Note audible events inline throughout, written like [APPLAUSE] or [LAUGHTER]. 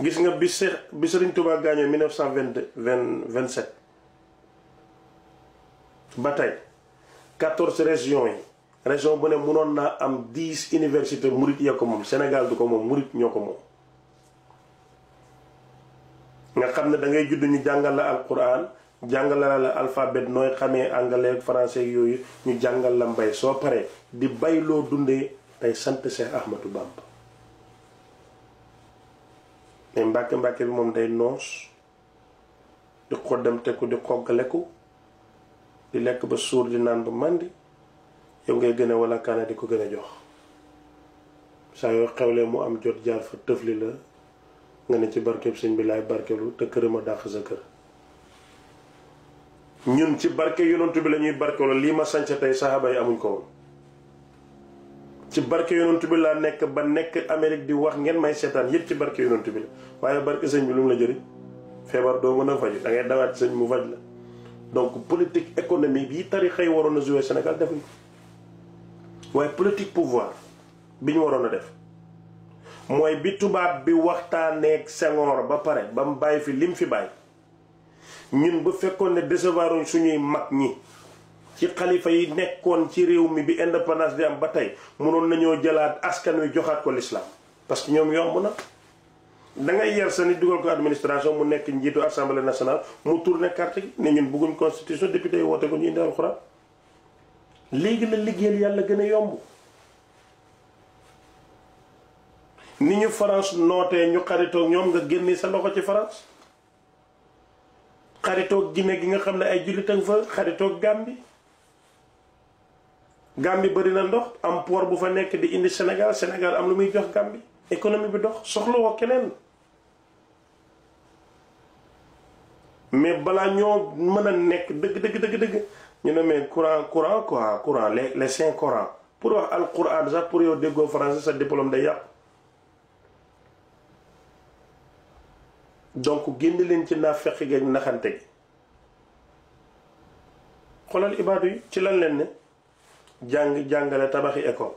gis nga bi Seex bi Sëriñ Tuubaa gaañoo 1927 ba tey 14 régions yi région bu ne mënoon naa am 10 université murit ya ko moom Sénégal du ko moom murit ñoo ko moom nga xam ne da ngay judd ñu jàngal la al alquran jàngal la alphabet nooy xamee anglais ak français yooyu ñu jàngal la mbay soo paree di bay loo dundee tey sant Seex Ahmadu Bamba mais mbàkke mbàkke bi moom day noos di xoddamteku di xoggaleku di lekk ba suur di naan ba màndi yow ngay gën a wala di ko gën a jox saa yoo xewlee mu am jot jaar fa tëfli la nga ne ci barkeb sëñ bi laay barkelu te këram a dàq sa kër ñun ci barke yonantu bi la ñuy barkeloo lii ma sanc tey saxaaba yi amuñ ko woon ci barke yonent bi laa nekk ba nekk Amérique di wax ngeen may seetaan yëpp ci barke yonent bi la waaye barke sëñ bi lu mu la jëriñ feebar doo mën a faju da ngay dawaat sëñ mu faj la donc politique économique yi tarixa yi waroon a jouer Sénégal defuñ ko waaye politique pouvoir bi ñu waroon a def mooy bi tubaab bi waxtaaneeg Senghor ba pare ba mu bàyyi fi lim fi bàyyi ñun bu fekkoon ne décevoir suñuy mag ñi ci xalifa yi nekkoon ci réew mi bi indépendance bi am ba tey mënoon nañoo jëlaat askan wi joxaat ko lislaam parce que ñoom yomb na da ngay yar sa nit dugal ko administration mu nekk njiitu assemblée nationale mu tourné carte gi ne ñun bëgguñ constitution député yi woote ko ñu indi alxuraan léegi la liggéeyal yàlla gën a yomb ni ñu France nootee ñu xaritoog ñoom nga génne sa loxo ci France xaritoog ginne gi nga xam ne ay jullit ak fa xaritoog Gambie Gambie bëri na ndox am port bu fa nekk di indi Sénégal Sénégal am lu muy jox Gambie économie bi dox soxla woo keneen mais balaa ñoo mën a nekk dëgg dëgg dëgg ñu ne mais courant courant quoi courant les les cinq Corans pour wax al Quran sax pour yow déggoo français sa diplôme day yàqu donc génn leen ci naafeq gi ak naxante gi xoolal ibaadu yi ci lan leen ne jàng jàngale tabaxi école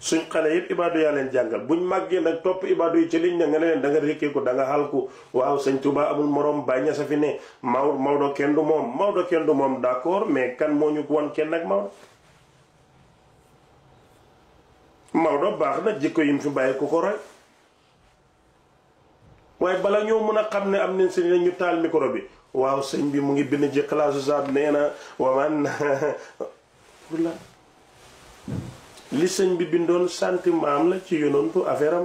suñ xale yëpp ibaadu yaa leen jàngal buñ màggee nag topp ibaadu yi ci liñ ne nga ne leen danga nga rékkeeku da nga xalku waaw sëñ Tuba amul morom bàyyi sa fi ne Maw Maodo kenn du moom Maodo kenn du moom d'accord mais kan moo ñu ko wan kenn ak Maodo. Maodo baax na jikko yim fi bàyyi ku ko roy waaye bala ñoo mën a xam ne am nañ sëñ ñu taal micro bi waaw sëñ bi mu ngi bind ci classe Saab nee na [LAUGHS] li bi bindoon sentiment am la ci yonantu affaire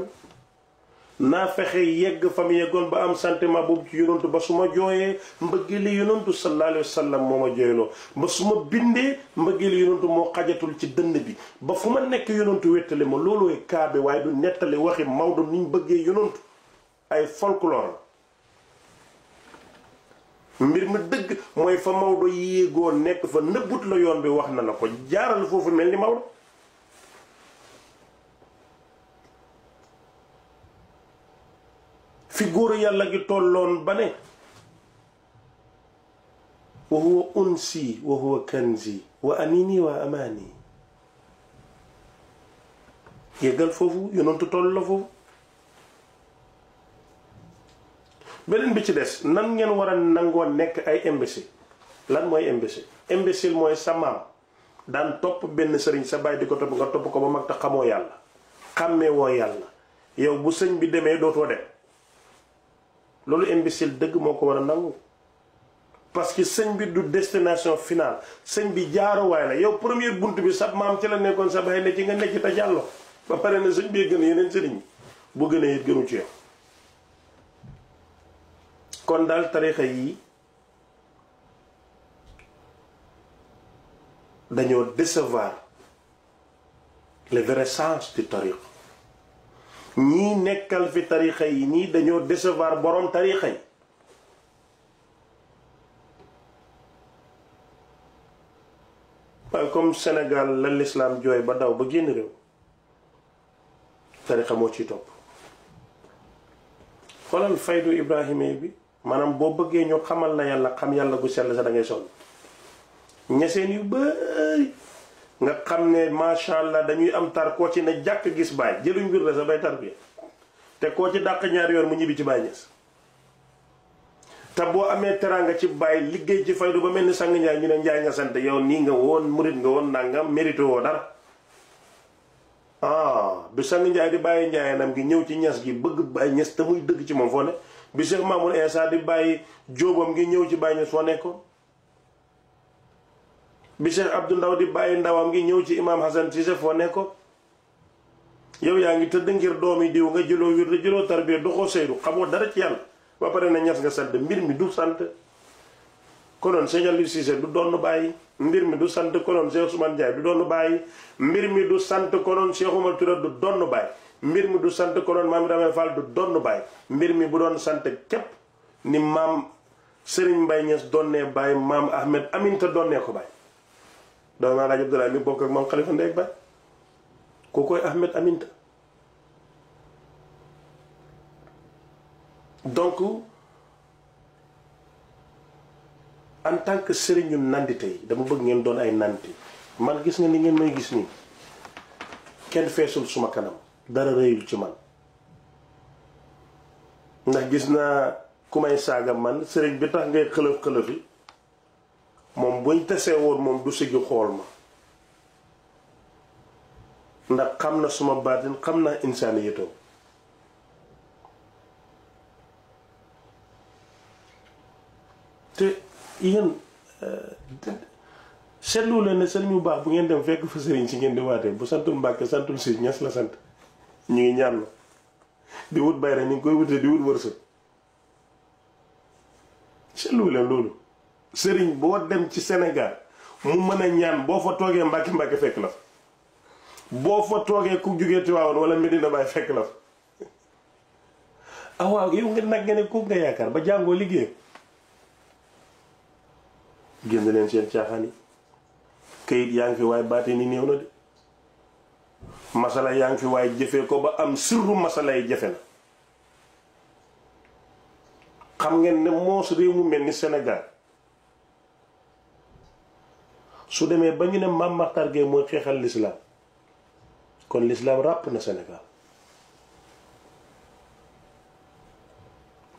naa fexe yegg fa mu yeggoon ba am sentiment boobu ci yonantu ba su ma jooyee mbëggeeli yonantu sallallahu alayhi wa moo ma jooyloo ba su ma bindee mbëggeeli yonantu moo xajatul ci dënn bi ba fu ma nekk yonantu wettale ma loolooy kaabe waaye du nettali waxi Maodo ni ñu bëggee yonantu ay folklore mbir mi dëgg mooy fa Maodo yéegoo nekk fa nëbbut la yoon bi wax na la ko jaaral foofu mel ni Maodo fi góor yàlla gi tolloon ba ne wa huwa unsi wa huwa kanzi wa anini wa amaani yeggal foofu yonentu toll la foofu beneen bi ci des nan ngeen war a nangoo nekk ay imbécile lan mooy imbécile imbécile mooy sa maam daan topp benn sëriñ sa bàyyi di ko topp nga topp ko ba mag te xamoo yàlla xàmmee woo yàlla yow bu sëñ bi demee dootoo dem loolu imbécile dëgg moo ko war a nangu parce que sëñ bi du destination finale sëñ bi jaaro waaye la yow premier bunt bi sab maam ci la nekkoon sa baay ne ci nga nekk te jàllo ba pare ne sëñ bee gën yeneen sëriñ bu gënee it gënu ci yow kon daal tarixa yi dañoo décevoir le vrai sens du tarixa ñii nekkal fi tarixa yi ñii dañoo décevoir borom tarixa yi waaye comme senegal la lislaam jooy ba daw ba génn réew tarixa moo ci topp xoolal faydu ibrahima bi maanaam boo bëggee ñu xamal na yàlla xam yàlla bu sell sa da ngay sonn ñeseen yu bëri nga xam ne macha allah dañuy am tar koo ci ne jàkk gis baay jëluñ mbir la sa bay tar bi te koo ci dàq ñaar yoon mu ñibbi ci baay ñes te boo amee teraanga ci baay liggéey ci faydu ba mel ni sang njaay ñu njaay sant yow nii woon murit nga woon nangam mérité woo dara ah bi sang njaay di bàyyi njaayanam ñëw ci ñes gi bëgg baay ñes muy dëgg ci moom foo ne bi Cheikh Mamour Insa di bàyyi jóobam gi ñëw ci baay ñes foo nekkoon bi Cheikh Abdou Ndaw di bàyyi ndawam ngi ñëw ci imaam Hassan Cissé foo ne yow yaa ngi tëdd ngir doomi diw nga jëloo wird jëloo tarbiya doxoo seydu xamoo dara ci yàlla ba pare na ñas nga sant mbir mi du sant konoon Cheikh Aliou Cissé du doon bàyyi mbir mi du sant konoon Cheikh Ousmane Ndiaye du doon bàyyi mbir mi du sant konoon Cheikh Oumar Touré du doon mbir mi du sant konoon maam Ramé Fall du doon bàyyi mbir mi bu doon sant képp ni maam sëriñ Mbaye Niass doon nee bàyyi maam Ahmed Aminta doon ko bàyyi doomu Alaaji Abdoulaye mi bokk ak maam Xalifa Ndeye Ba kooku koy Ahmed Aminta donc en tant que sëriñu nandite yi dama bëgg ngeen doon ay nandite man gis nga ni ngeen may gis nii kenn feesul suma kanam dara rëyul ci man ndax gis naa ku may saaga man sëriñ bi tax ngay xëlëf xëlëfi moom buñ tasee woon moom du sigi xool ma ndax xam na suma baatin xam naa insaani yëtoo te yéen euh, seetlu leen ne sëriñ bu baax bu ngeen dem fekk fa si ngeen di waatee bu santul Mbàkke santul si ñas la sant ñu ngi ñaan la di wut bayra ñu ngi koy wutee di wut wërsëg seetlu loolu sëriñ boo dem ci Sénégal mu mën a ñaan boo fa toogee Mbàkke Mbàkke fekk la fa boo fa toogee ku jógee Tiwaawan wala Medina Baay fekk la fa ah waaw yow nga nag nga ne kooku nga yaakaar ba jàngoo liggéey génn leen seen caaxaan yi kayit yaa ngi fi waaye baate ni néew na de masala yaa ngi fi waaye jëfee ko ba am sirru masala yi jëfe la xam ngeen ne moos réew mu mel ni Sénégal su demee ba ñu ne Mame Makhtar Gueye mooy xeexal l'islam kon l'islam ràpp na senegaal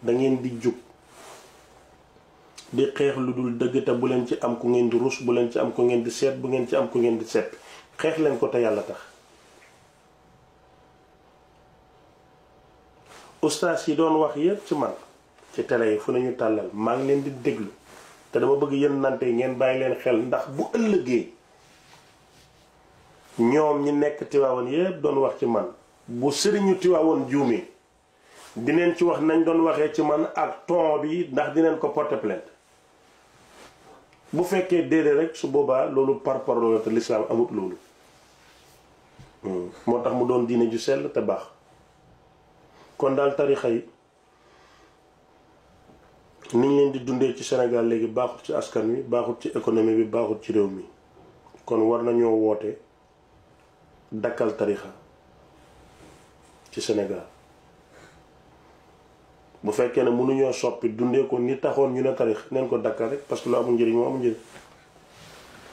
da ngeen di jub di xeex lu dul dëgg te bu leen ci am ku ngeen di rus bu leen ci am ku ngeen di seet bu ngeen ci am ku ngeen di seet xeex leen ko te yàlla tax ustaas yi doon wax yépp ci man ci télé yi fu nañu tàllal maa ngi leen di déglu te dama bëgg yéen nante ngeen bàyyi leen xel ndax bu ëllëgee ñoom ñi nekk Tiwaawan yépp doon wax ci man bu sëriñu Tiwaawan juumee dineen ci wax nañ doon waxee ci man ak ton bi ndax dineen ko porter plainte bu fekkee déedéet rek su boobaa loolu par parole te lislaam amut loolu hmm. moo tax mu doon diine ju sell te baax kon daal tarixa ni ñu di dundee ci senegal léegi baaxul ci askan wi baaxul ci économie bi baaxul ci réew mi kon war nañoo woote dakkal tarixa ci Sénégal bu fekkee ne mënuñoo soppi dundee ko ni taxoon ñu ne tarix neen ko dakkal rek parce que lu amul njëriñ moom amul njëriñ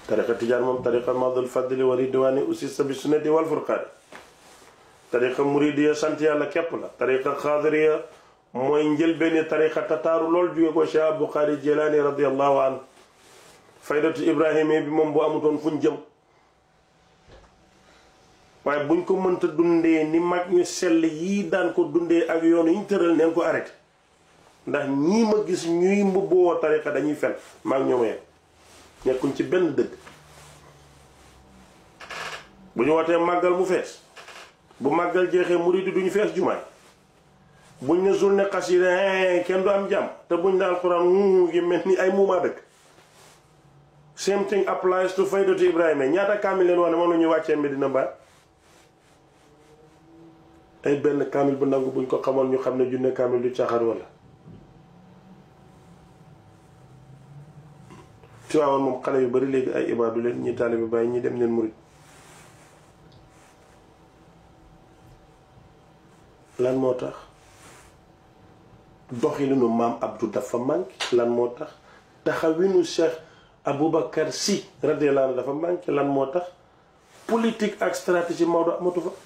tarixa tijaan moom tarixa madul fadli wa ridwaani aussi sa bi sunnati wal furqaani tarixa muridiya santi yàlla képp la tarixa xaadiriya mooy njëlbeeni tariqa taaru lool jóge ko Cheikh Abdou Qadir radiallahu anhu faydatu ibrahima bi moom bu amutoon fuñ jëm waaye buñ ko mënta dundee ni mag ñu sell yi daan ko dundee ak yoon yi ñu tëral neen ko arrêté ndax ñii ma gis ñuy mbubboo tariqa dañuy fen maag ñoom nekkuñ ci benn dëgg bu ñu wootee màggal mu fees bu màggal jeexee muridu duñu fees jumaay buñ ne journée xasida eh, kenn du am jàmm te buñ ne alxuraan mu ni ay muumaa dëkk same thing applies to faydatu Ibrahima ñaata kaamil leen wax ne moom la ñuy wàccee Medina Baay ay benn kaamil bu nangu buñ ko xamoon ñu xam ne junne kaamil du caaxaan wala Tiwaawan moom xale yu bari léegi ay ibaadu leen ñi taalibe Baay ñi dem leen murit lan moo tax doxilinu maam Abdou dafa manqué lan moo tax taxawinu Cheikh Aboubacar Sy si anhu dafa manqué lan moo tax politique ak stratégie Maodo amatu fa.